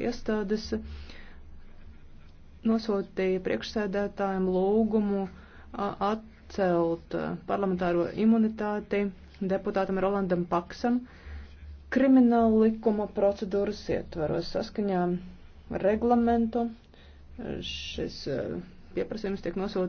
iestādes nosūtīja priekšsēdētājiem lūgumu atcelt parlamentāro imunitāti deputātam Rolandam Paksam krimināla likuma procedūras ietvaros saskaņā reglamentu. Šis pieprasījums tiek nosūtīts.